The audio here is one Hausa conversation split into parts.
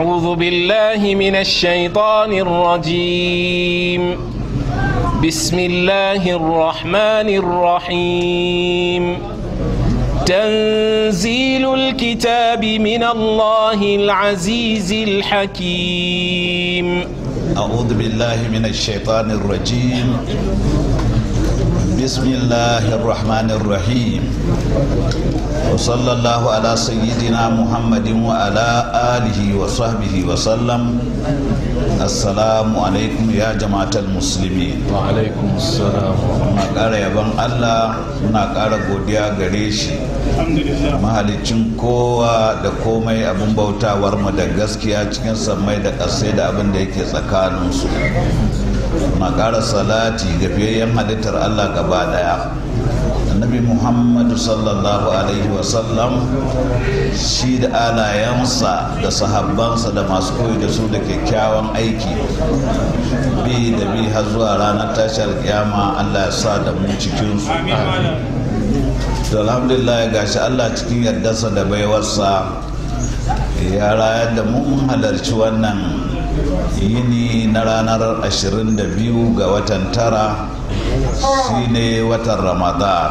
أعوذ بالله من الشيطان الرجيم بسم الله الرحمن الرحيم تنزيل الكتاب من الله العزيز الحكيم أعوذ بالله من الشيطان الرجيم بسم الله الرحمن الرحيم وصلى الله على سيدنا محمد وعلى آله وصحبه وسلم السلام عليكم يا جماعة المسلمين وعليكم السلام قال يا بن الله منا قال godiya gare shi mahalicin kowa da komai abin bautawar mu da gaskiya cikin sammai da ƙasai da abin da yake tsakaninsu makara salati ga fiyayyen halittar allah gaba daya annabi muhammadu sallallahu alaihi wasallam shi da alayensa da sahabbansa da masu koyi da su da kyakkyawan aiki bi da bi har zuwa ranar tashar kiyama allah ya sa da mu cikinsu alhamdulillah gashi allah cikin yardarsa da baiwarsa ya rayar da mun halarci wannan yini na ranar 22 ga watan tara shine watan ramadan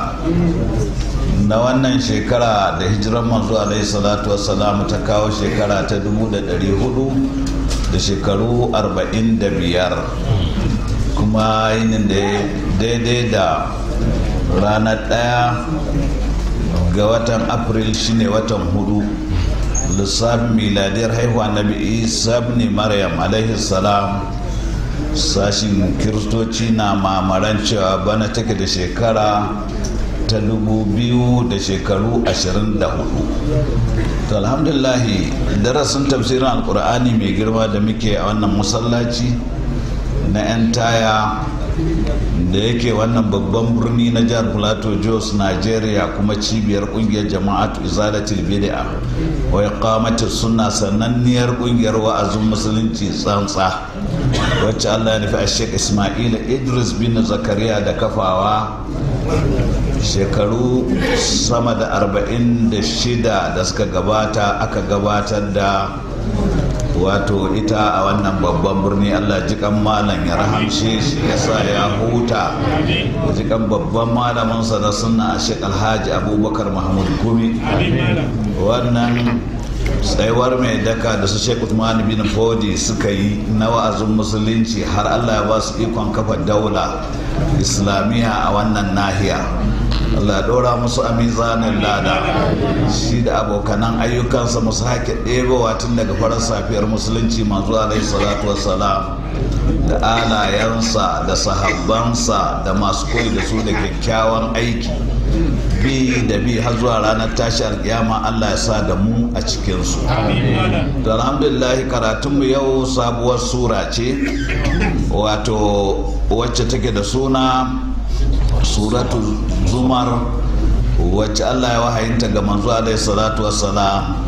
na wannan shekara da hijiran manzo alaihi salatu salamu ta kawo shekara ta 400 da shekaru 45 kuma yini da daidai da ranar daya ga watan april shine watan hudu lissafin miladiyar haihuwa na isa ne maryam alaihi salam sashin kiristoci na mamaran cewa bana take da shekara ta dubu biyu da shekaru ashirin da hudu to alhamdulahi darasin tafsirin alkur'ani mai girma da muke a wannan masallaci na 'yan taya da yake wannan babban birni na jihar plateau jos nigeria kuma cibiyar kungiyar jama'atu izalatul bid'a Wai iqamati suna sananniyar kungiyar wa'azin musulunci tsantsa wacce Allah ya nufi a Sheikh Ismail Idris bin Zakariya da kafawa shekaru sama da 46 da suka gabata aka gabatar da wato ita a wannan babban birni allah jikan malam ya rahamshe shi ya sa ya huta da jikan babban malaminsa na sunna a shek alhaji abubakar mahmud gumi wannan tsaiwar mai daka da su shek usman bin fodi suka yi na wa'azin musulunci har allah ya ba su ikon kafa daula islamiyya a wannan nahiya Allah dora musu a mizanin lada shi da abokanan ayyukansa musu hake ɗebowa tun daga farar safiyar musulunci manzo alaihi salatu wassalam da alayensa da sahabbansa da masu koyi da su da kyakkyawan aiki bi da bi har zuwa ranar tashi alƙiyama Allah ya sa da mu a cikinsu da alhamdulillahi karatunmu yau sabuwar sura ce wato wacce take da suna suratul zumar wacce allah ya wahayinta ga manzo alai salatu wassalam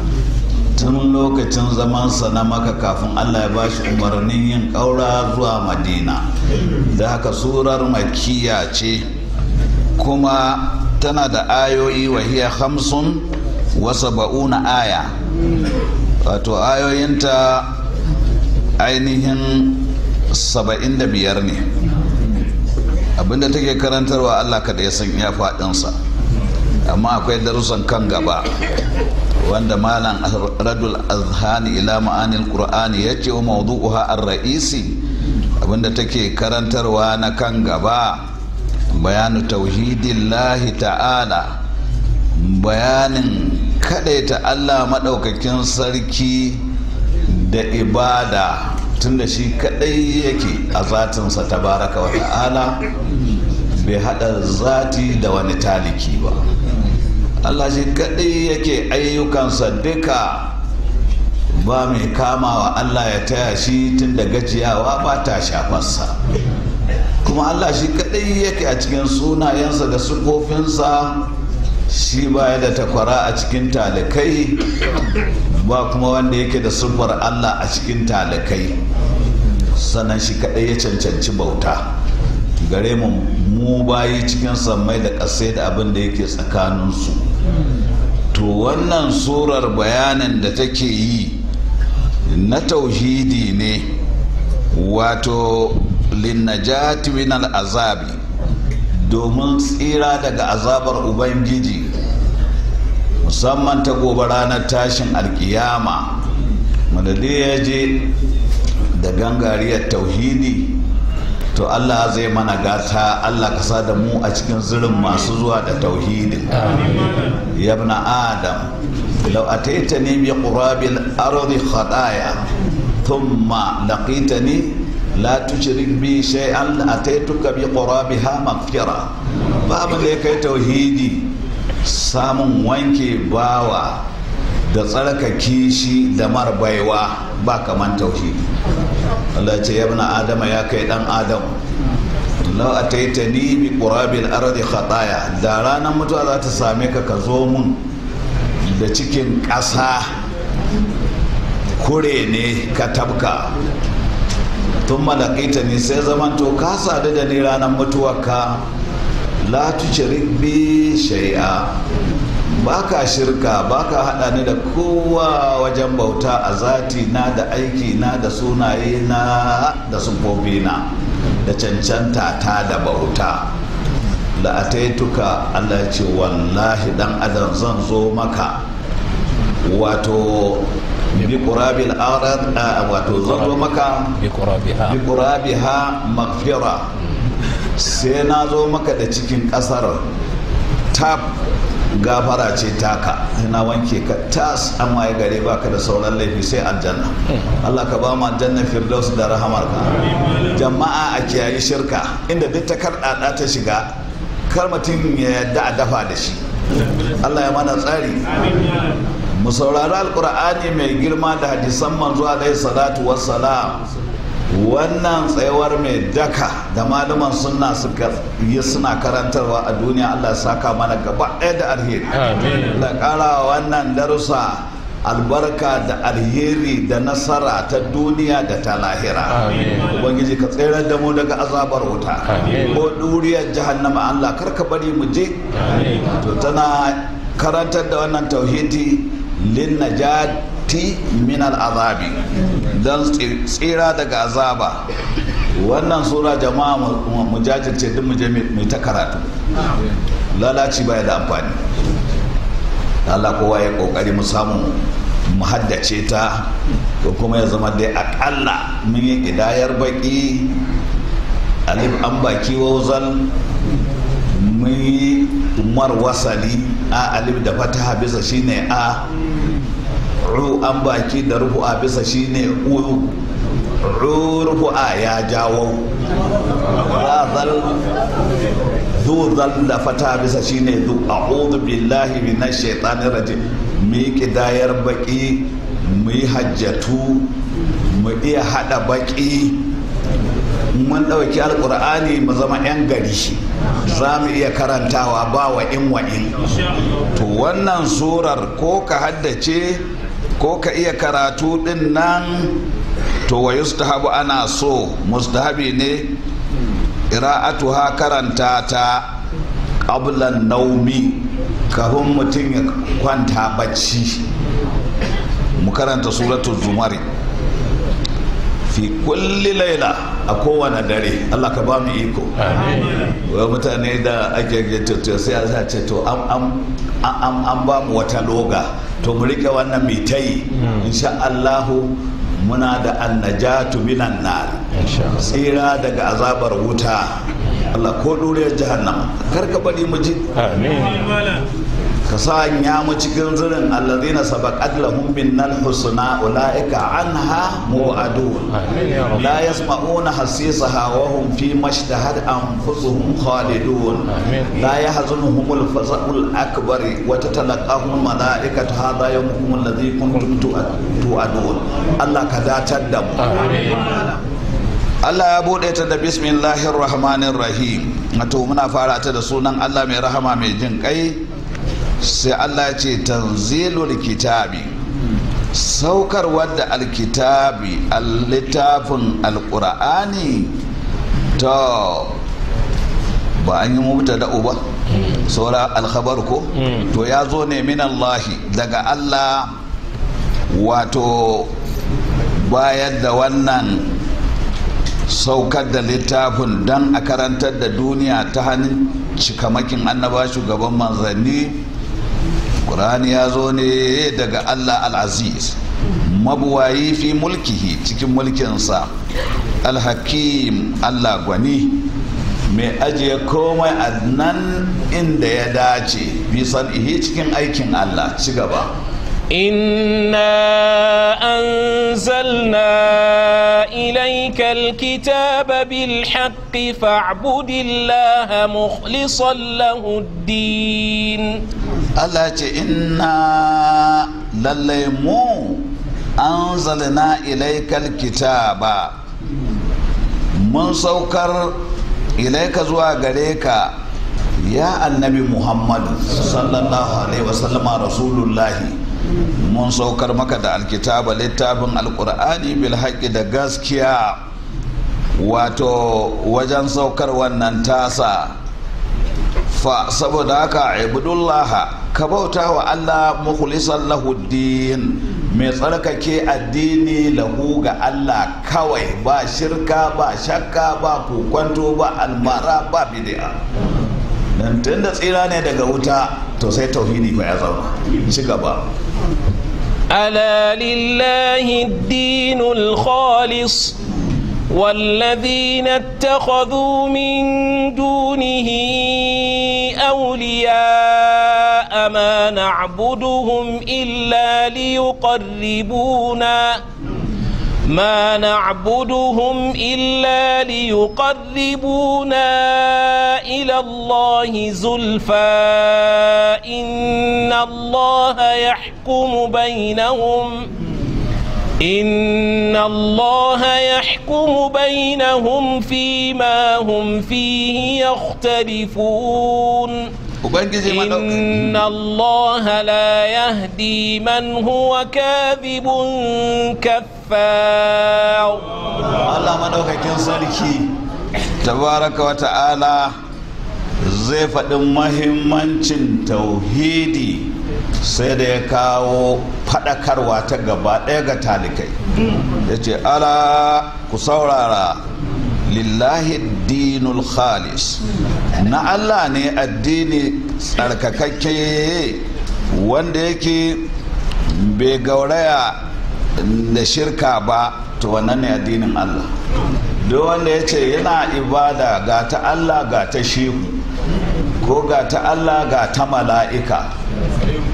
tun lokacin zamansa na maka kafin allah ya ba shi umarnin yin ƙaura zuwa madina da haka surar makiya ce kuma tana da ayoyi wahiya hamsin wasa ba'una aya wato ayoyinta ainihin saba'in da biyar ne abinda take karantarwa allah kaɗai ya san iya faɗinsa amma akwai darussan kan gaba wanda malam radul azhani ila ma'anil qur'ani yace ce wa mawdu'uha ar-ra'isi abinda take karantarwa na kan gaba bayanu tauhidillahi ta'ala bayanin kadaita Allah maɗaukakin sarki da ibada tunda shi kadai yake a zatinsa tabaraka wa ta'ala bai hada zati da wani taliki ba Allah shi kadai yake ayyukansa duka ba mai wa Allah ya taya shi tun da gajiyawa ba ta shafarsa kuma Allah shi kadai yake a cikin sunayensa da sukofinsa shi baya da takwara a cikin talikai ba kuma wanda yake da siffar Allah a cikin talikai sannan shi kaɗai ya cancanci bauta gare mu mu bayi cikin sammai da ƙasai da abin da yake tsakaninsu to wannan surar bayanin da take yi na tauhidi ne wato linnajati min azabi domin tsira daga azabar ubangiji musamman ta gobe ranar tashin alkiyama wanda ya je da gangariyar tauhidi to Allah zai mana gata Allah ka sa da mu a cikin zirin masu zuwa da tauhidi ya ibna adam mai ƙurabin bi qurabil tun ma laƙita ne la tuka bi shay'an ataituka bi qurabiha ba babu da kai tauhidi samun wanke bawa da tsarkake shi da marbaiwa ba kaman tauhidi Allah ce ya bana adama ya kai dan adam Allah a taita ni bi ƙurabil arzi khataya da ranar mutuwa za ta same ka ka zo mun da cikin ƙasa kure ne ka tabka tun malakaita ne sai zamanto ka sadu da ni ranar mutuwarka la tu bi shai'a ba ka shirka ba ka haɗa ni da kowa wajen bauta a zati na da aiki na da sunaye na da sufofi na da cancanta ta da bauta Da a taituka allah ce wallahi dan adam zan zo maka wato bi qurabil arad wato zan zo maka bi ha mafira hmm. sai na zo maka da cikin kasar tab gafara ce taka na wanke ka tas an ya gare baka da sauran laifi sai aljanna Allah ka ba mu aljanna firdaus da rahamar ka jama'a a kiyayi shirka inda duk ta karɗaɗa ta shiga kar mutum ya yadda a dafa da shi Allah ya mana tsari mu saurari alkur'ani mai girma da hadisan manzo alaihi salatu wassalam wannan tsayawar mai daka da malaman suna suka yi suna karantarwa a duniya allah saka mana gaba ɗaya da alheri da ƙara wannan darussa albarka da alheri da nasara ta duniya da ta lahira ubangiji ka tsere da mu daga azabar wuta ko duriyar jahannama allah karka bari mu je to tana karantar da wannan tauhidi lin najat ti min al'azabi don tsira daga azaba wannan sura jama'a mu jajirce duk mu je mai ta karatu lalaci baya da amfani Allah kowa ya kokari mu samu mu haddace ta ko kuma ya zama dai akalla mun yi idayar baki alif an baki wauzan mun yi umar wasali a alif da fataha bisa shine a ru an baki da 'a bisa shine uru a ya jawo zu zalla fata bisa shine zu a'udhu billahi shaitanin shaitanir mu yi kidayar baki mu yi hajjatu mu iya hada baki mun ɗauki alkur'ani mu zama 'yan gari za mu iya karantawa ba wa in wa in to wannan surar ko ka haddace ko ka iya karatu din nan to wa yustahabu ana so mustahabi ne ira'atuha karanta ta ƙablan naumi kafin mutum ya kwanta bacci mu karanta suratul zumari fi kulli laila a kowane dare Allah ka ba mu iko wa mutane da ake to sai a ce to an ba mu wata loga to mu rike wannan mitai hmm. insha Allahu muna da annajatu minan nar tsira daga azabar wuta hmm. Allah ko duriyar jahannama kar ka bari mu ji amin ka ya mu cikin zirin allazina sabaqat lahum minnal husna ulaika anha mu'adu la yasma'una hasisaha wa hum fi mashtahat anfusuhum khalidun la yahzunuhum al-faza'ul akbar wa tatalaqahum malaikatu hadha yawmukum alladhi kuntum tu'adun Allah ka datar da mu Allah ya bude ta da bismillahir rahmanir rahim wato muna fara ta da sunan Allah mai rahama mai jin kai sai allah ya ce tanzilul kitabi saukar wadda alkitabi littafin alkur'ani ta ba an yi mubta da'u ba saura alkhabar ko to ya zo ne min allahi daga allah wato bayar da wannan saukar da littafin don a karantar da duniya ta hannun cikamakin annaba shugaban manzanni ƙur'ani ya zo ne daga allah al-aziz mabuwayi fi mulkihi cikin mulkinsa alhakim allah gwani mai ajiye komai a nan inda ya dace bisan ihe cikin aikin allah ci gaba anzalna أنزلنا إليك الكتاب بالحق فاعبد الله مخلصا له الدين Allah ce inna lallai mu an zalina ilaikal kitaba mun saukar ilaika zuwa gare ka ya annabi muhammad sallallahu alaihi wasallama rasulullahi mun saukar maka da alkitaba littafin alkur'ani bil haƙi da gaskiya wato wajen saukar wannan tasa fa saboda haka ibudullaha ka bauta wa Allah mukhlisan lahu din mai tsarkake addini lahu ga Allah kawai ba shirka ba shakka ba kukwanto ba almara ba bid'a dan tunda tsira ne daga wuta to sai tauhidi ba ya zama ci gaba ala lillahi dinul khalis والذين اتخذوا من دونه أولياء ما نعبدهم إلا ليقربونا ما نعبدهم إلا ليقربونا إلى الله زلفى إن الله يحكم بينهم إن الله يحكم بينهم فيما هم فيه يختلفون إن الله لا يهدي من هو كاذب كفار الله ما دوكاكين سركي تبارك وتعالى زي فدin mahimmancin tauhidi sai da ya kawo faɗakarwa ta gaba ɗaya ga talikai ya ce ala ku saurara lillahi dinul khalis na allah ne addini tsarkakakke wanda yake bai gauraya da shirka ba to wannan ne addinin allah duk wanda ya ce yana ibada ga ta allah ga ta shehu ko ga ta allah ga ta mala'ika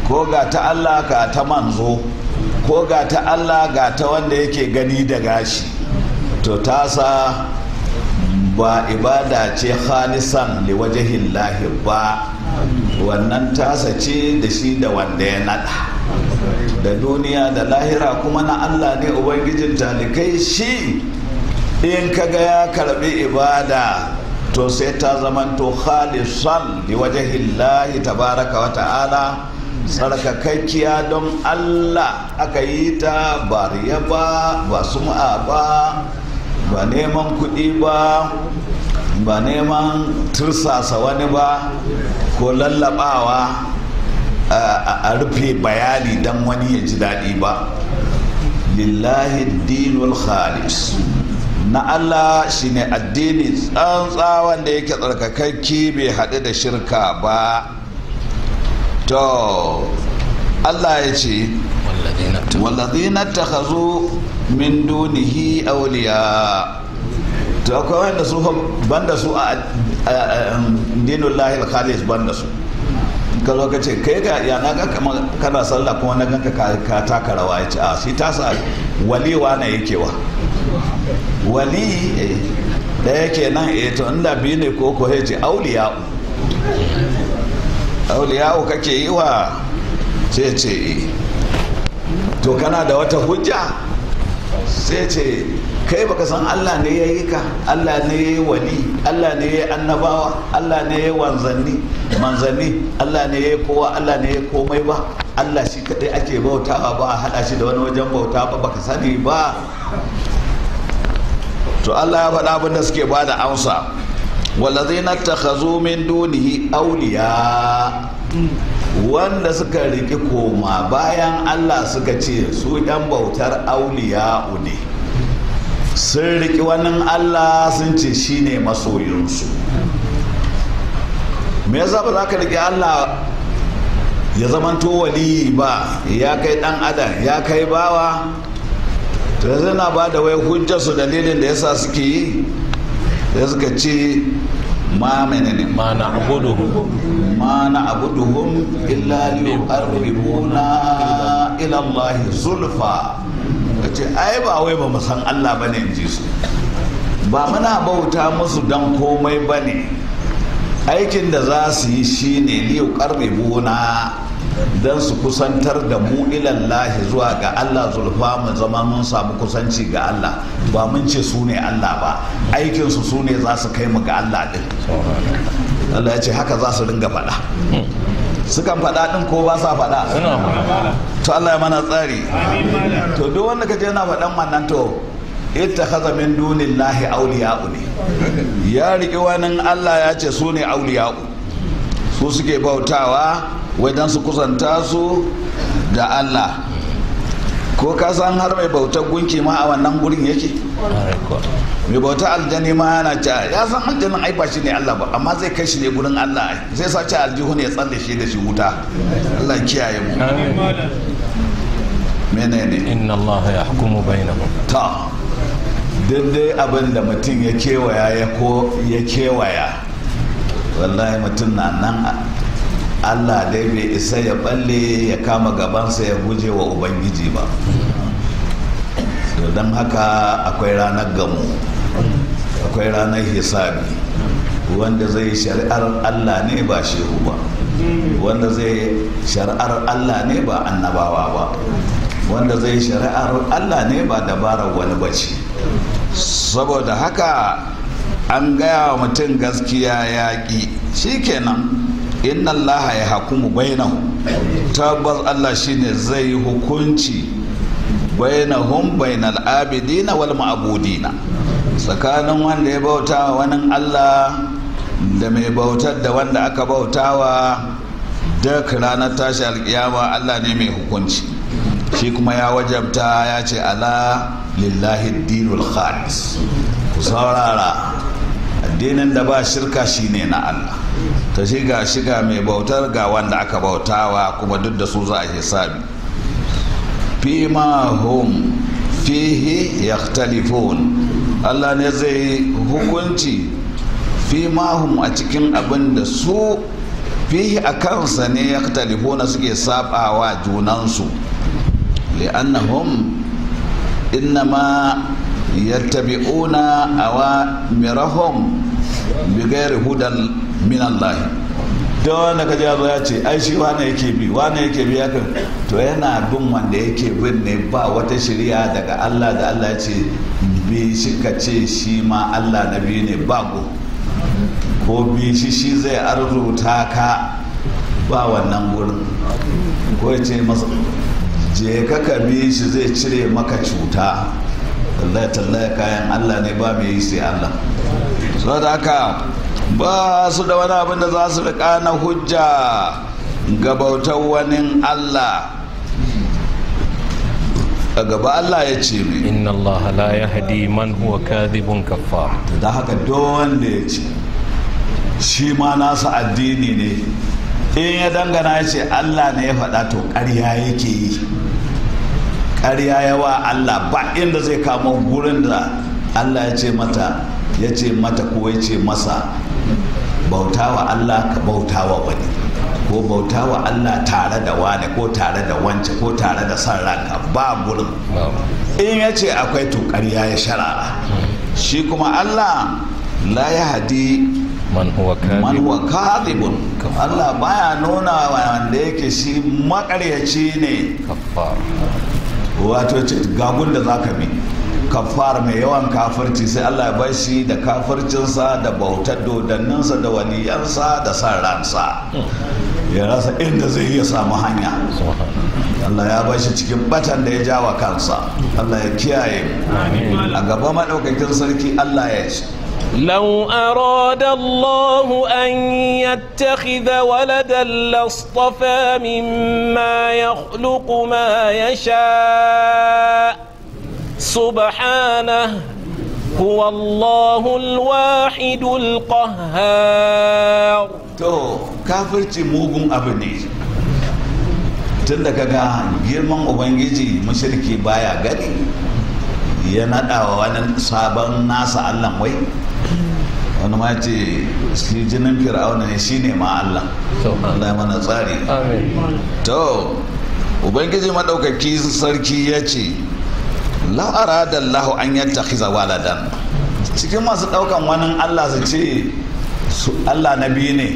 ko ga ta Allah ga ta manzo ko ga ta Allah ga ta wanda yake gani da gashi to tasa ba ibada ce khalisan wajahin lahi ba wannan tasa ce da shi da wanda ya nada da duniya da lahira kuma na Allah ne ubangijin talikai shi in kaga ya karbi ibada to sai ta zamanto khalisan bi wajahillahi tabaraka wa ta'ala tsarkakakkiya don Allah aka yi ta ba riya ba ba sum'a ba ba neman kuɗi ba ba neman tursasa wani ba ko lallabawa a rufe bayani don wani ya ji daɗi ba lillahi dinul khalis na Allah shine addini tsantsa wanda yake tsarkakakki bai haɗu da shirka ba to Allah ya ce wallazina takhazu min dunihi awliya to akwai wanda su banda su a um, dinin lahil khalis banda su ka zo ka ce kai ga ya na ganka kana sallah kuma na ganka ka taka rawa ya ce a ah, shi sa waliwa na yake wa wali eh, ɗaya nan e eh, to inda biyu ne ko ko ce auliya'u auliya'u kake yi wa sai ce eh. to kana da wata hujja sai ce kai baka san allah ne ya yi ka allah ne ya yi wali allah ne ya yi annabawa allah ne ya yi wanzanni manzanni allah ne ya yi kowa allah ne ya yi komai ba allah shi kadai ake bautawa ba a hada shi da wani wajen bauta ba baka sani ba to Allah ya faɗa abin da suke ba da amsa walazina takhazu min dunihi awliya wanda suka riki koma bayan Allah suka ce su yan bautar auliya ne sun riƙi wannan Allah sun ce shine masoyinsu me yasa ba za ka riki Allah ya zamanto waliyi ba ya kai dan adam ya kai bawa to yanzu na ba da wai su dalilin da yasa suke yi da suka ce ma menene ma na abuduhum ma na abuduhum illa liyuqarribuna ila Allah zulfa kace ai ba wai ba mu san Allah bane inji su ba muna bauta musu dan komai bane aikin da za su yi shine buna. don su kusantar da mu ilallahi zuwa ga Allah zulfa mu zama mun samu kusanci ga Allah ba mun ce su ne Allah ba aikinsu su ne za su kai mu ga Allah din Allah ya ce haka za su ringa faɗa sukan faɗa ɗin ko ba sa faɗa to Allah ya mana tsari to duk wanda ka je na faɗan wannan to ita haza min dunin lahi auliya'u ne ya riƙi wani Allah ya ce su ne auliya'u su suke bautawa wai don su kusanta su da allah ko ka san har mai bautar gunki ma a wannan gurin yake mai bautar aljani ma yana ci ya san aljanin ai ba shi ne allah ba amma zai kai shi ne gurin allah zai ci aljihu ne ya tsalle shi da shi wuta allah kiyaye mu menene inna allah ya hukumu bainahum ta daidai abin da mutum ya kewaya ya ko ya kewaya wallahi mutum na nan allah dai bai isa ya balle ya kama gabansa ya guje wa ubangiji ba don haka akwai ranar gamu akwai ranar hisabi wanda zai shari'ar allah ne ba shehu ba wanda zai shari'ar allah ne ba annabawa ba wanda zai shari'ar allah ne ba dabarar wani bace saboda haka an gaya wa mutum gaskiya ya ƙi shikenan inna laha ya hakumu bainahu tabbas allah shine zai yi hukunci bainahum bainal abidina wal ma'budina tsakanin wanda ya bauta wa wani allah da mai bautar da wanda aka bautawa duk ranar tashi alkiyama allah ne mai hukunci shi kuma ya wajabta ya ce ala lillahi dinul khalis ku saurara addinin da ba shirka shine na Allah ta shiga shiga mai bautar ga wanda aka bautawa kuma duk da su za a hisabi ma hum fihi talifon. Allah ne zai hukunci fi ma hum a cikin abin da su fihi a kansa ne yaktalifuna suke sabawa junansu li'annahum innama yattabi'una awamirahum bi hudan min Allah da wanda ka jawo ya ce ai shi wane yake bi wane yake bi yakan to yana bin wanda yake bin ne ba wata shirya daga Allah da Allah ya ce bi shi ka ce shi ma Allah na biyu ne ba go ko bi shi shi zai arzuta ka ba wannan gurin ko ya ce masa je ka ka bi shi zai cire maka cuta Allah ya kayan Allah ne ba mai yi sai Allah saboda haka ba su da wani abin da za su riƙa na hujja ga bautar wani allah a gaba Allah ya ce mai inna Allah la ya hadi man huwa kadhibun kaffa da haka don da ya ce shi ma nasa addini ne in ya dangana ya ce Allah ne ya faɗa to ƙarya yake yi ƙarya yawa Allah ba inda zai kama gurin da Allah ya ce mata ya ce mata ko ya ce masa bautawa Allah ka bautawa wani ko bautawa Allah tare da wani ko tare da wance ko tare da san ranka ba gurin in ya ce akwai tukariya ya sharara shi kuma Allah la ya hadi man huwa kadhibun Allah baya nuna wanda yake shi makaryaci ne wato gagun da zaka bi kafar mai yawan kafirci sai Allah ya bar shi da kafircinsa da bautar dodanninsa da waliyansa da san ransa ya rasa inda zai iya samu hanya Allah ya bar shi cikin batan da ya ja wa kansa Allah ya kiyaye a gaba maɗaukakin sarki Allah ya ce لو أراد الله أن يتخذ ولدا لاصطفى مما يخلق ما يشاء سبحانه هو الله الواحد القهار to kafirci mugun abu ne tun da kaga girman ubangiji mashirki baya gani ya nada wa wani sabon nasa allan wai wani ma ce shi jinin fir'auna ne shi ne ma allah allah mana tsari to ubangiji maɗaukaki sarki ya ce la arada Allah an yattakhiza waladan cikin masu daukan wani Allah su ce su Allah nabi ne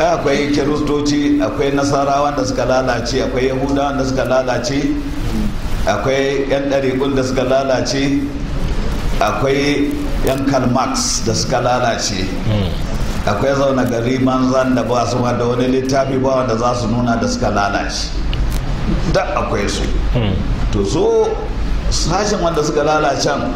eh, akwai kiristoci akwai nasara wanda suka lalace akwai yahuda wanda suka lalace akwai yan ɗariƙun da suka lalace akwai yan kalmax da suka lalace akwai zaune gari manzan da ba su da wani littafi ba wanda za su nuna da suka lalace da akwai su hmm. to so sashen wanda suka lalacen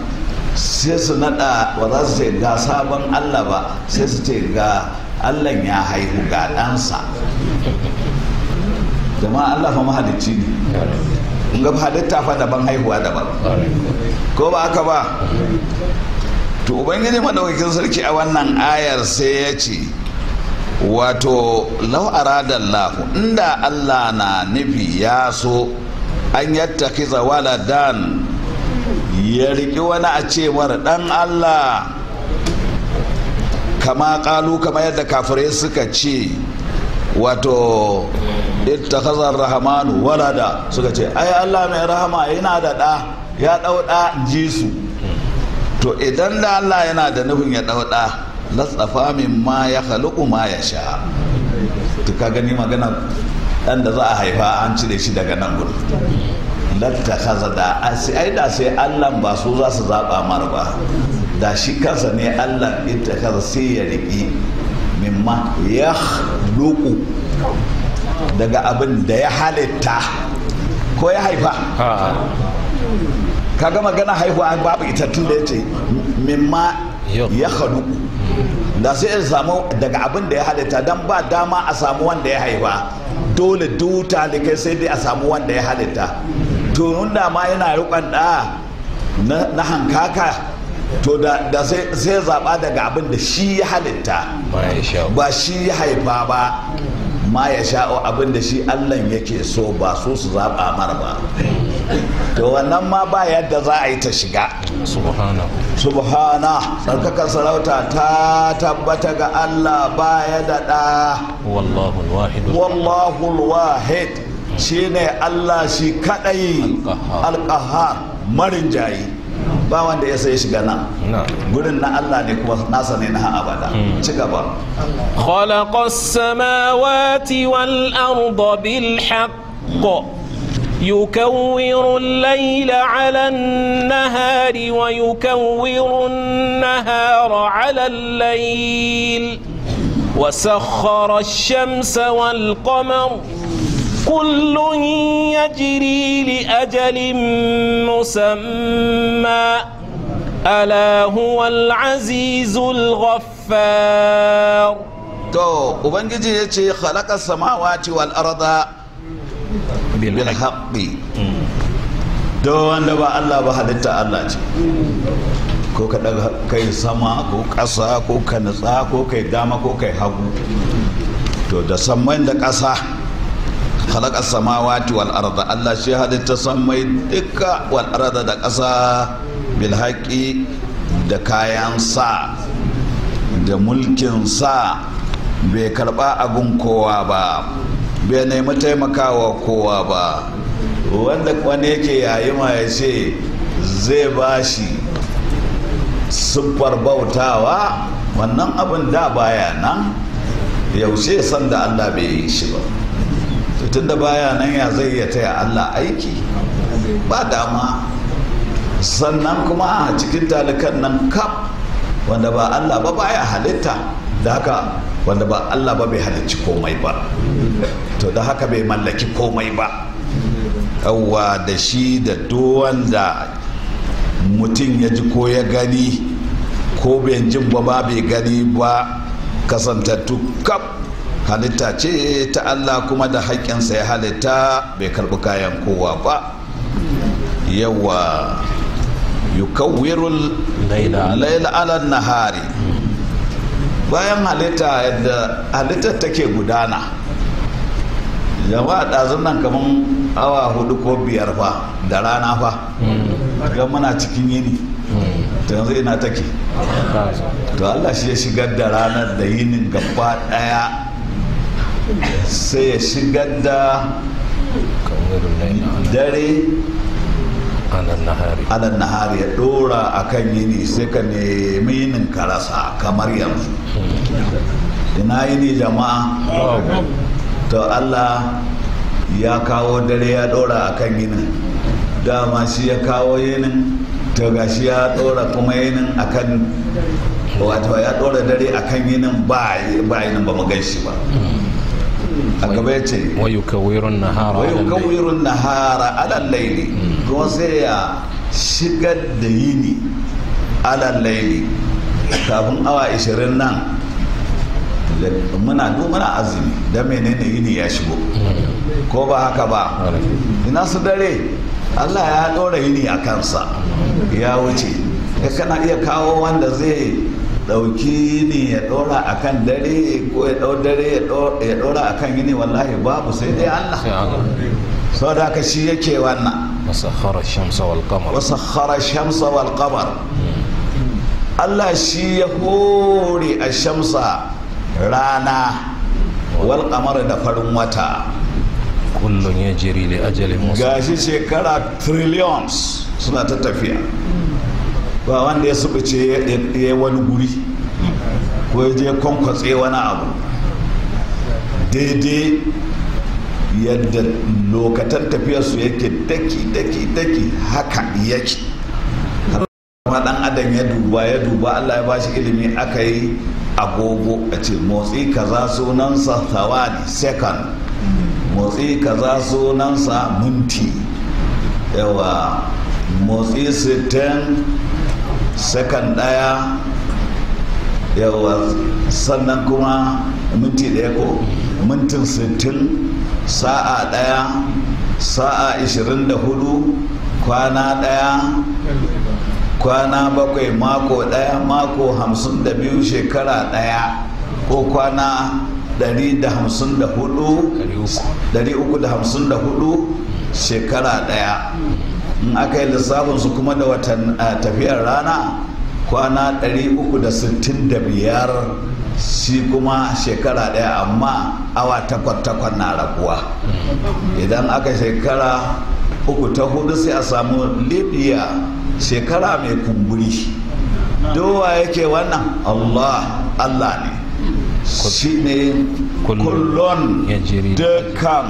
sai su nada ba za su ce ga sabon allah ba sai su ce ga allah ya haihu ga ɗansa jama'a allah fa mahalicci ne ga halitta fa daban haihuwa daban ko ba haka ba to ubangiji madaukakin sarki a wannan ayar sai ya ce wato lau aradallahu inda allah na nufi ya so an kiza waladan ya riƙi wani a ce mara ɗan allah kama ƙalu kama yadda kafirai suka ce wato ita rahamanu wala walada suka ce ai allah mai rahama yana da ɗa ya ɗau ɗa jisu to idan da allah yana da nufin ya ɗau ɗa latsafa min ma ya haluku ma ya sha to ka gani magana ɗan da za a haifa an cire shi daga nan gudu latta kaza da ai da sai allah ba su za su zaɓa mana ba da shi kansa ne allah ita kaza sai ya riki mimma ya luku daga abin da ya halitta ko ya haifa kaga magana haihuwa babu ita tun da ya ce mimma ya haluku da sai ya samu daga abin da ya halitta don ba dama a samu wanda ya haifa dole duta da kai sai dai a samu wanda ya halitta mun da ma yana rukan da na hankaka to da sai zaɓa daga abin da shi ya halitta ba shi ya haifa ba ma ya sha'o abin da shi allah yake so ba so su zaɓa mara ba to wannan ma ba yadda za a yi ta shiga subhana tsarkakar sarauta ta tabbata ga allah ba ya daɗa wallahul wahid shi ne Allah shi kadai alkahar marin jayi ba wanda ya sai shiga nan gurin na Allah ne kuma nasa ne na abada hmm. ci gaba khalaqa samawati wal arda bil haqq يكور الليل على النهار ويكور النهار على الليل وسخر الشمس والقمر كل يجري لأجل مسمى ألا هو العزيز الغفار تو وبنجي يجي خلق السماوات والأرض بالحق don wanda ba Allah ba halitta Allah ko ka daga kai sama ko ƙasa ko ka nutsa ko kai dama ko kai hagu to da samman da ƙasa khalaqa samawati wal arda Allah shi halitta mai duka wal arda da ƙasa bil da kayan sa da mulkin sa bai karba abun kowa ba bai nemi taimakawa kowa ba wanda wani yake yayi ma ya ce zai bashi siffar bautawa wannan abin da baya nan yaushe sanda Allah bai yi shi ba tunda baya nan ya zai iya taya Allah aiki ba dama sannan kuma a cikin talikan nan kaf wanda ba Allah ba baya halitta da haka wanda ba Allah ba bai halicci komai ba to da haka bai mallaki komai ba yawwa da shi da duwan da mutum ya ji ko ya gani ko bai jin ba ba bai gani ba kasantattu kaf halitta ce ta Allah kuma da haƙƙinsa ya halitta bai karɓi kayan kowa ba yawa yukawwirul laila alan nahari bayan halitta yadda halittar take gudana jama'a ɗazun nan kamar awa hudu ko biyar fa da rana fa hmm. ga muna cikin yini hmm. ta yanzu ina take to Allah shi ya shigar da ranar da yinin gaba ɗaya sai ya shigar da dare alan nahari ya dora a kan yini sai ka nemi yinin karasa kamar yanzu ina yini jama'a to allah ya kawo dare ya dora a kan yinin dama shi ya kawo yinin to shi ya dora kuma yinin a kan wato ya dora dare a kan yinin ba yinin ba mu gan shi ba a gaba ya ce kawirun nahara wayu kawirun nahara alal laili kuma hmm. sai ya shigar da yini alal laili kafin awa 20 nan muna muna azumi da menene yini ya shigo hmm. ko ba haka ba ina su dare allah ya ɗora yini a kansa ya wuce kana iya kawo wanda zai dauki ne ya dora kan dare ko ya dau dare ya dora kan yini wallahi babu sai dai Allah sau da ka shi yake wannan wasakhara shamsa wal qamar hmm. Allah shi ya hore a shamsa rana wal qamar da farin wata kullun jiri li ajalin musamma gashi shekara trillions suna ta tafiya ba wanda ya ce ya wani guri ko ya je kwankwatse wani abu daidai yadda lokatan su yake daki daki daki haka yake kuma dan adam ya duba ya duba allah ya bashi ilimi aka yi agogo a ce motsi kaza sunansa thawani second motsi kaza sunansa minti yawa motsi sittin sakan daya yawa sannan kuma minti daya ko mintin sittin sa'a daya sa'a 24 kwana daya kwana bakwai mako daya mako 52 shekara daya ko kwana 354 shekara daya in mm. aka yi lissafin su kuma da watan tafiyar rana kwana 365 shi kuma shekara daya amma awa takwatakwan na raguwa mm. idan aka shekara uku ta hudu sai a samu libya shekara mai kumburi dowa yake wannan allah allah ne shi ne kullon dukkan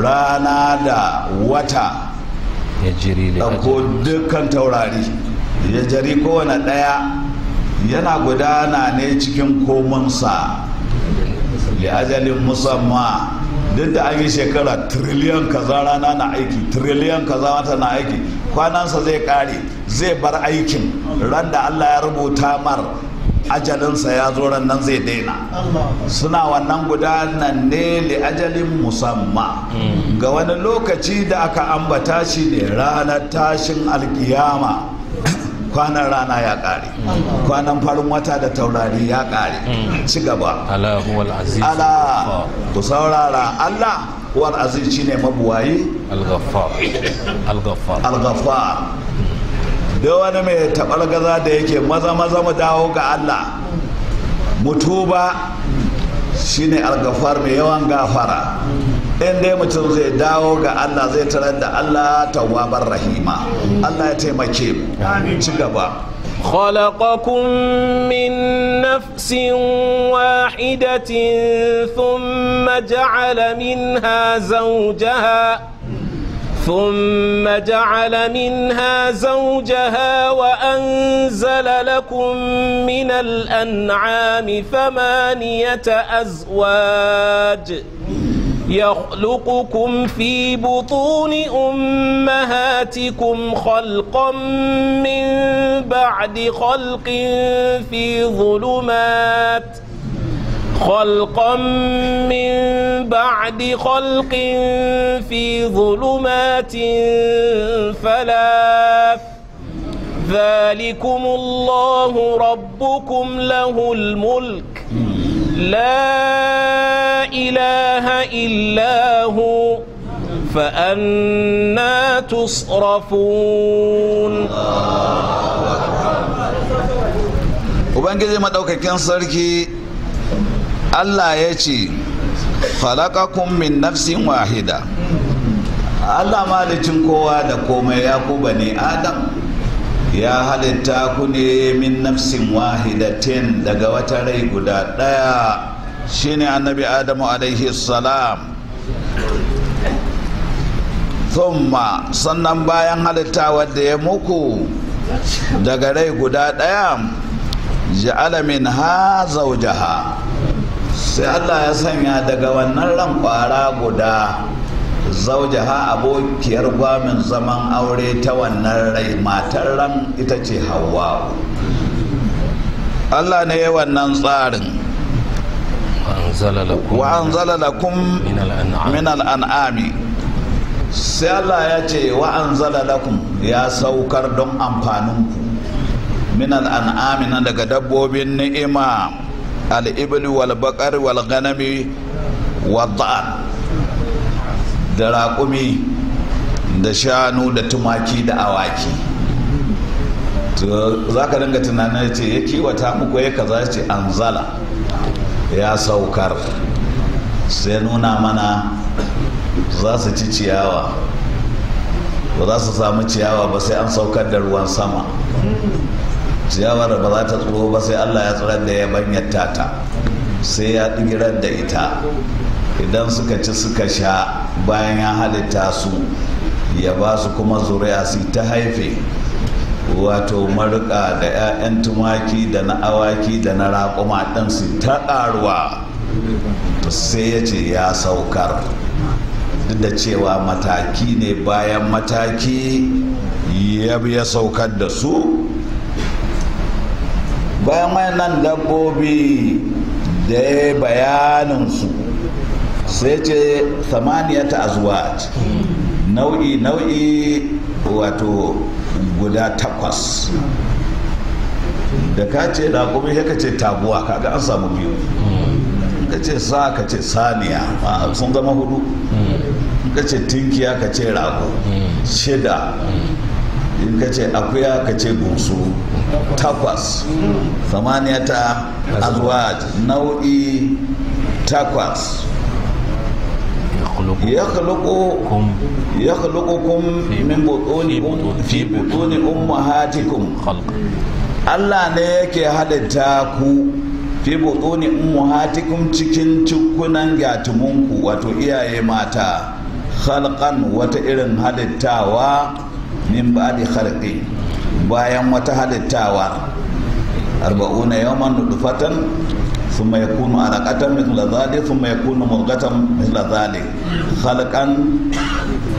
rana da wata ya ɗauko dukkan taurari ya jari kowane ɗaya yana gudana ne cikin komansa ajalin musamman duk da an yi shekara triliyan kaza rana na aiki triliyan kaza wata na aiki kwanansa zai kare zai bar aikin ran da allah ya rubuta mar ajalinsa ya zo nan zai daina suna wannan gudanar ne da ajalin musamma hmm. ga wani lokaci da aka ambata shi ne ranar tashin alkiyama kwanan rana ya kare hmm. kwanan farin wata da taurari ya kare hmm. ci gaba ala ku saurara allah wal aziz shine mabuwayi al-ghaffar al-ghaffar da wani mai taɓar gaza da yake maza maza mu dawo ga allah mutuba shine algafar mai yawan gafara in dai mutum zai dawo ga allah zai tarar da allah tawabar rahima allah ya taimake mu ci gaba خلقكم من نفس واحدة ثم جعل منها زوجها ثم جعل منها زوجها وأنزل لكم من الأنعام ثمانية أزواج يخلقكم في بطون أمهاتكم خلقا من بعد خلق في ظلمات ۖ خلقا من بعد خلق في ظلمات ثلاث ذلكم الله ربكم له الملك لا إله إلا هو فأنا تصرفون Ubangiji madaukakin Allah ya ce falakakun min nafsin wahida Allah malicin kowa da komai ya ku bane adam ya halitta ku ne min nafsin wahidatin daga wata rai guda ɗaya shine annabi adamu alaihi salam thumma sannan bayan halitta wadda ya muku daga rai guda ɗaya ja'ala min ha zaujaha sai allah ya sanya daga wannan ran kwara guda zaujaha abokiyar gwamin zaman aure ta wannan rai matar ran ita ce hawa allah ne ya wannan tsarin wa'anzala kun min al'an'ami sai Allah ya ce wa'anzala kun ya saukar don amfaninku min al'an'ami na daga dabbobin ni'ima al'ibali walbaƙar walganami wadda da raƙumi da shanu da tumaki da awaki za ka dinga tunanin ce ya kiwata muku ya kaza ce anzala ya saukar sai nuna mana za su ci ciyawa ba za su samu ciyawa ba sai an saukar da ruwan sama ciyawar ba za ta tsoro ba sai allah ya tsirar da yabanyar tata sai ya ɗigirar da ita idan suka ci suka sha bayan ya halitta su ya ba su kuma zuri'a su ta haife wato maruka da 'ya'yan tumaki da na awaki da na raƙuma ɗan su ta ƙaruwa sai ya ce ya saukar duk da cewa mataki ne bayan mataki ya saukar da su bayan wayannan dabbobi da ya bayanin su sai ce samaniyata azwaj nau'i nau'i wato guda takwas da ka ce kuma ya kace ce taguwa kaga an samu biyu ka ce sa ka ce saniya sun zama hudu ka ce tinkiya ka ce rago shida in ka ce akuya ka ce gunsu takwas samaniyata azwaj nau'i takwas Ya kaloko kun min butuni fi butuni ummahatikum Allah ne yake halitta ku fi butuni ummahatikum cikin cikunan gatumunku wato iyaye mata halkan wata irin halittawa min ba ba'di kharqi bayan wata halittawa arba'una yawman nudfatan thumma yakunu alaqatan mithla dhalik thumma yakunu mudghatan mithla dhalik khalqan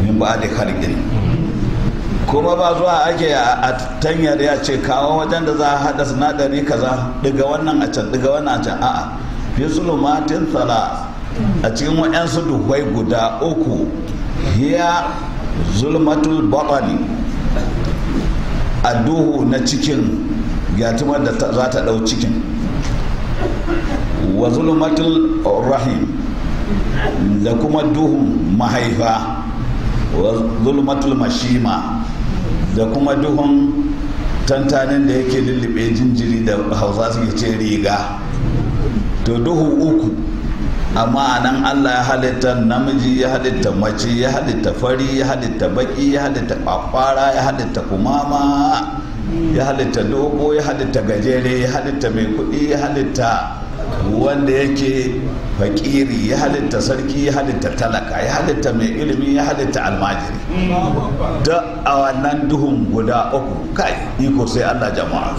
min ba ba'di kharqin kuma ba zuwa ake a tanyar ya ce kawo wajen da za a hada sinadari kaza daga wannan a can daga wannan a can a'a fi sulumatin tsala a cikin waɗansu duhwai guda uku hiya zulmatul baɗani a duhu na cikin gyatumar da za ta ɗau cikin wa zulumatul rahim da kuma duhun mahaifa wa zulumatul mashima da kuma duhun tantanin da yake lullube jinjiri da hausa suke ce riga to duhu uku amma a nan allah ya halitta namiji ya halitta mace ya halitta fari ya halitta baki ya halitta kwakwara ya halitta kumama ya halitta dogo ya halitta gajere ya halitta mai kudi ya halitta wanda yake fakiri ya halitta sarki ya halitta talaka ya halitta mai ilimi ya halitta almajiri da a wannan duhun guda uku kai iko sai allah jama'a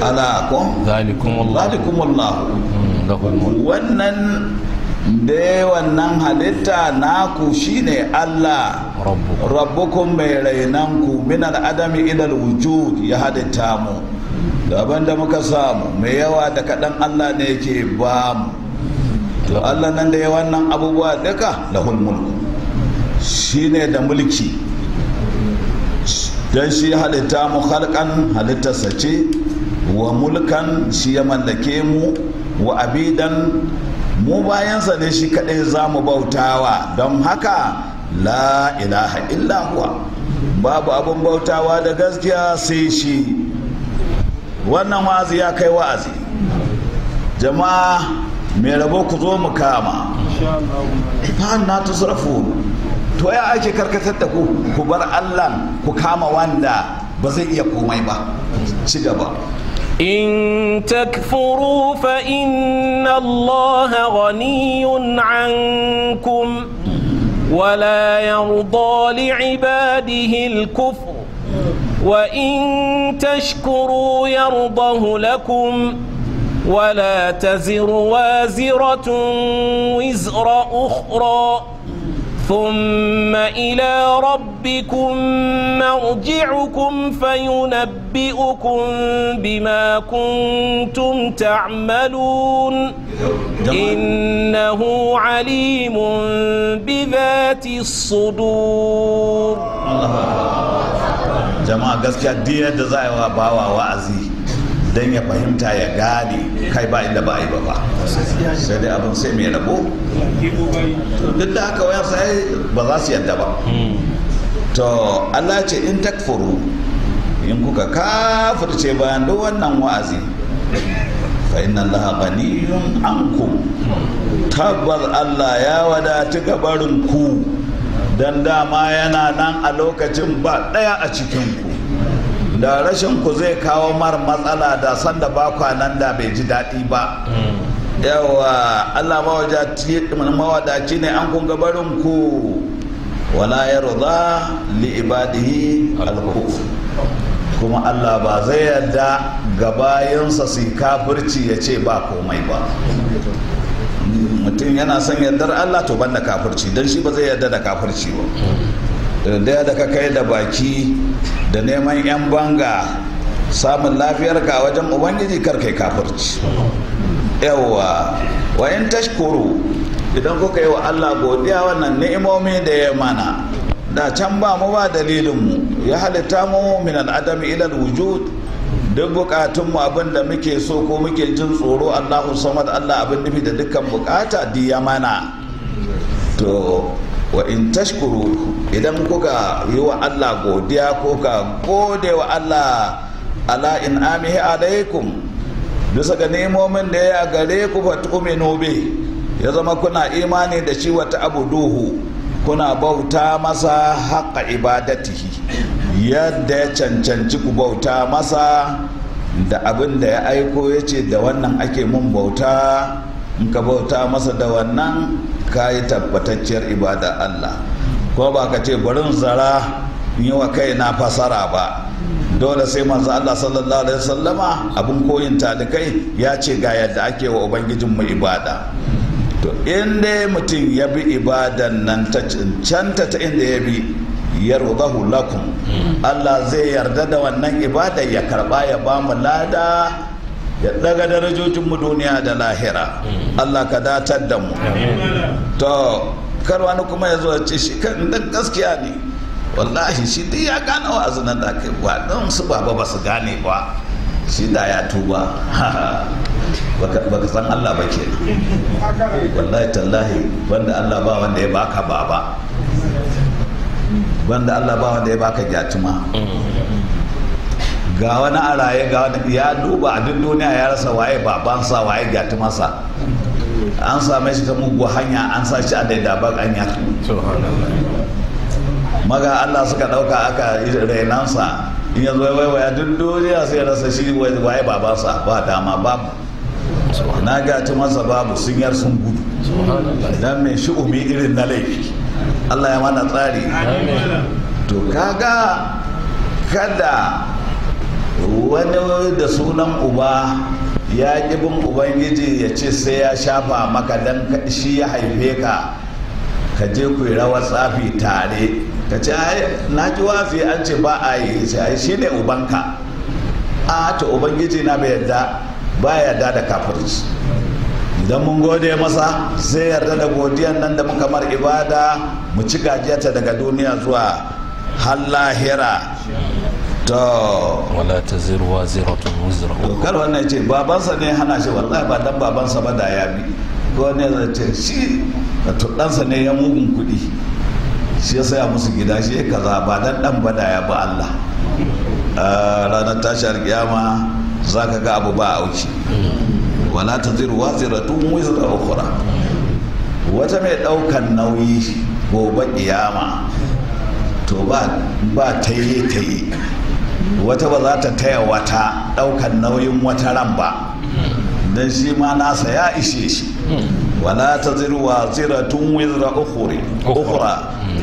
ala kun zalikum allah wannan da wannan halitta naku shine Allah rabbukum mai rainanku minar adami idal wujud ya halitta mu daban da muka samu mai yawa da kaɗan Allah ne ke ba mu Allah nan da ya wannan abubuwa duka da Shi shine da mulki Dan shi halitta mu halkan halittarsa ce wa mulkan shi ya mallake mu wa abidan mu bayansa ne shi kaɗai za mu bautawa don haka la ilaha illa huwa babu abin bautawa da gaskiya sai shi wannan wa'azi ya kai wa'azi jama'a mai rabo ku zo mu kama fa'an na tusrafu to ya ake karkatar da ku ku bar allan ku kama wanda ba zai iya komai ba ci gaba إن تكفروا فإن الله غني عنكم ولا يرضى لعباده الكفر وإن تشكروا يرضه لكم ولا تزر وازرة وزر أخرى ثم إلى ربكم مرجعكم فينبئكم أنبئكم بما كنتم تعملون إنه عليم بذات الصدور jama'a gaskiya dinar da za a yi wa bawa wa'azi don ya fahimta ya gadi kai ba inda ba a yi ba ba sai dai abin sai mai rabo duk da haka wayar sai ba za su yadda ba to Allah ce in takfuru in kuka kafirce bayan duk wannan wa'azi fa inna allaha ghaniyun ankum tabbas allah ya wadatu gabarin ku dama yana nan a lokacin ba daya a cikin ku da rashin ku zai kawo mar matsala da sanda ba nan da bai ji daɗi ba yawa allah mawadaci ne an kun gabarin ku wala ya li ibadihi alkufur kuma allah ba zai yarda ga bayansa su kafirci ya ce ba komai ba mutum yana son yardar allah to banda kafirci don shi ba zai yarda da kafirci ba daya da ka kai da baki da neman 'yan banga samun lafiyar ka wajen ubangiji karkai kafirci yawwa wa tashkuru idan kuka yi wa allah godiya wannan ni'imomi da ya mana da can ba mu ba dalilin mu ya halitta mu min al'adami ilal wujud duk bukatun mu abin da muke so ko muke jin tsoro allahu samad allah abin nufi da dukkan bukata di ya mana to wa in tashkuru idan kuka yi wa allah godiya ko ka gode wa allah ala in amihi alaikum bisa ga nemomin da ya gare ku fa tu'minu bi ya zama kuna imani da shi wata abu duhu kuna bauta masa haƙa ibadatihi yadda ya cancanci ku bauta masa da abin da ya aiko ya ce da wannan ake mun bauta in ka bauta masa da wannan ka yi tabbatacciyar ibada Allah ko ba ka ce barin zara yi wa kai na fasara ba dole sai manzo Allah sallallahu alaihi wasallama abin koyin talikai ya ce ga yadda ake wa ubangijinmu ibada to inda mutum ya bi ibadan nan ta cancanta ta inda ya bi yardahu lakum Allah zai yarda da wannan ibada ya karba ya ba mu lada ya daga darajojin mu duniya da lahira Allah ka datar da mu to wani kuma ya zo ce shi kan gaskiya ne wallahi shi duk ya gane wa'azin da kai ba don su baba ba su gane ba shi da ya tuba baka san Allah ba ke wallahi tallahi banda Allah ba wanda ya baka baba banda Allah ba wanda ya baka gyatuma ga wani a raye ga wani ya duba a duk duniya ya rasa waye babansa waye sa an same shi ta mugu hanya an sa shi a daida ba anya maga Allah suka dauka aka rainansa in ya zo waiwaya duk duniya sai ya rasa shi waye babansa ba dama ba. na gaci masa babu sun yar sun gudu dan mai shi'umi irin na laifi allah ya mana tsari to kaga kada wani da sunan uba ya bin ubangiji ya ce sai ya shafa maka don shi ya haife ka ka je ku yi rawar tsafi tare ka ce na ji wafi an ce ba a yi shi ne ubanka a ta ubangiji na bai yadda ba yarda da kafirci idan mun gode masa sai yarda da godiyan nan da muka mar ibada mu ci gajiyarta daga duniya zuwa har lahira to wala ta zirwa zirotun wuzra to kar wannan ce babansa ne hana shi wallahi ba dan babansa ba da ya bi ko ne zai ce shi to ɗansa ne ya mugun kuɗi shi ya saya musu gida shi ya kaza ba dan dan ba da ya ba Allah ranar tashar kiyama za ka ga abu ba auki wala ta ziru tun wizra ukhra wata mai ɗaukan nauyi gobe iyama to ba ta yi ta yi wata ba za ta taya wata ɗaukan nauyin wata ran ba don shi ma nasa ya ishe shi wala ta zirwa tun wizra ukura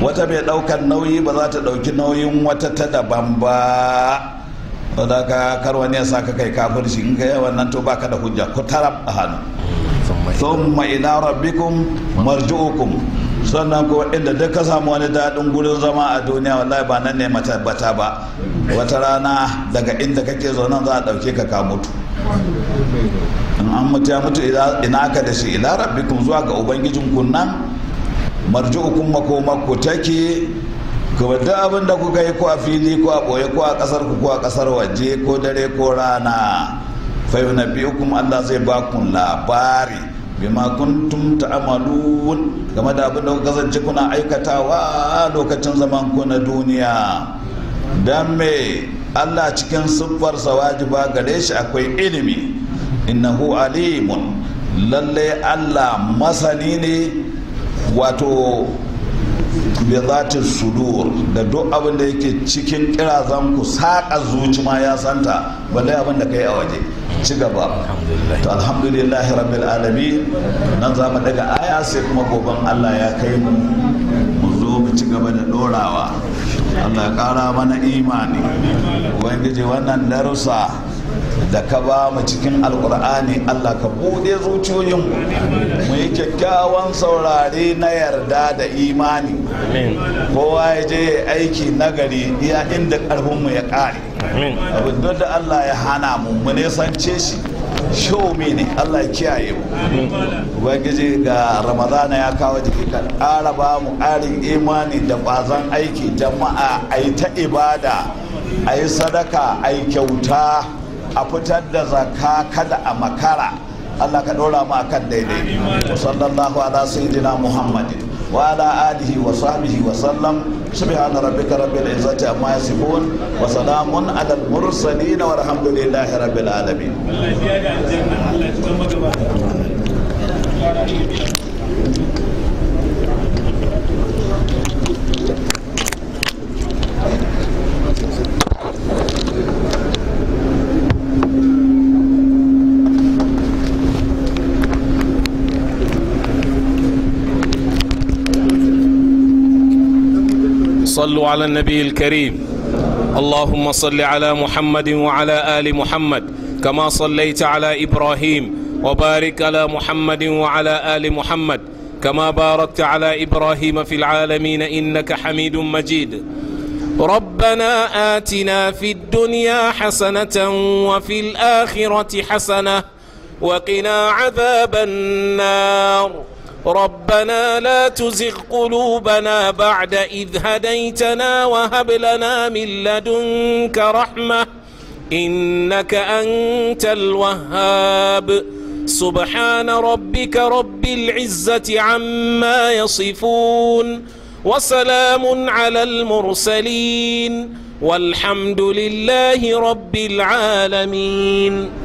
wata mai ɗaukan nauyi ba za ta ɗauki nauyin wata ta daban ba don da ka kar wani sa ka kai kafirci in ka yawan nan to baka da hujja ku tarab a hannu thumma ila rabbikum marji'ukum sannan ko inda duk ka samu wani daɗin gurin zama a duniya wallahi ba nan ne bata ba wata rana daga inda kake zaune za a ɗauke ka ka mutu in an mutu ya mutu ina ka da shi ila rabbikum zuwa ga ubangijin kunnan marji'ukum makomakku take kuma duk abin da kuka yi ko a fili ko a ɓoye ko a ƙasar ku ko a ƙasar waje ko dare ko rana fayu na biyu kuma allah zai ba ku labari bima kuntum ta'amalun game da abin da kuka kasance kuna aikatawa lokacin zaman ku na duniya dan me allah cikin siffarsa wajiba gare shi akwai ilimi Inna innahu alimun lalle allah masani ne wato bi zati sudur da duk abin da yake cikin kirazan ku saƙa zuci ma ya santa balle abin da kai a waje ci gaba to alhamdulillah rabbil alamin nan za mu daga aya sai kuma goban Allah ya kai mu mu zo mu ci gaba da dorawa Allah ya kara mana imani ubangiji wannan darussa da ka ba mu cikin alkur'ani allah ka buɗe zuciyoyin mu yi kyakkyawan saurare na yarda da imani kowa ya je ya aiki nagari iya inda ƙarfinmu ya ƙare abin da allah ya hana mu mu nisance shi me ne allah ya kiyaye mu ubangiji ga ramadana ya kawo jiki ka ƙara ba mu ƙarin imani da ƙwazon aiki jama'a a yi ta ibada a yi sadaka a yi kyauta a fitar da zakka kada a makara Allah ka ɗora mu akan daidai wa sallallahu ala sayyidina muhammadin wa ala alihi wa sahbihi wa sallam subhana rabbika rabbil izzati amma yasifun wa salamun ala al mursalin walhamdulillahi rabbil alamin Allah ya da aljanna Allah ya على النبي الكريم اللهم صل على محمد وعلى آل محمد كما صليت على إبراهيم وبارك على محمد وعلى آل محمد كما باركت على إبراهيم في العالمين إنك حميد مجيد ربنا آتنا في الدنيا حسنة وفي الآخرة حسنة وقنا عذاب النار ربنا لا تزغ قلوبنا بعد إذ هديتنا وهب لنا من لدنك رحمة إنك أنت الوهاب سبحان ربك رب العزة عما يصفون وسلام على المرسلين والحمد لله رب العالمين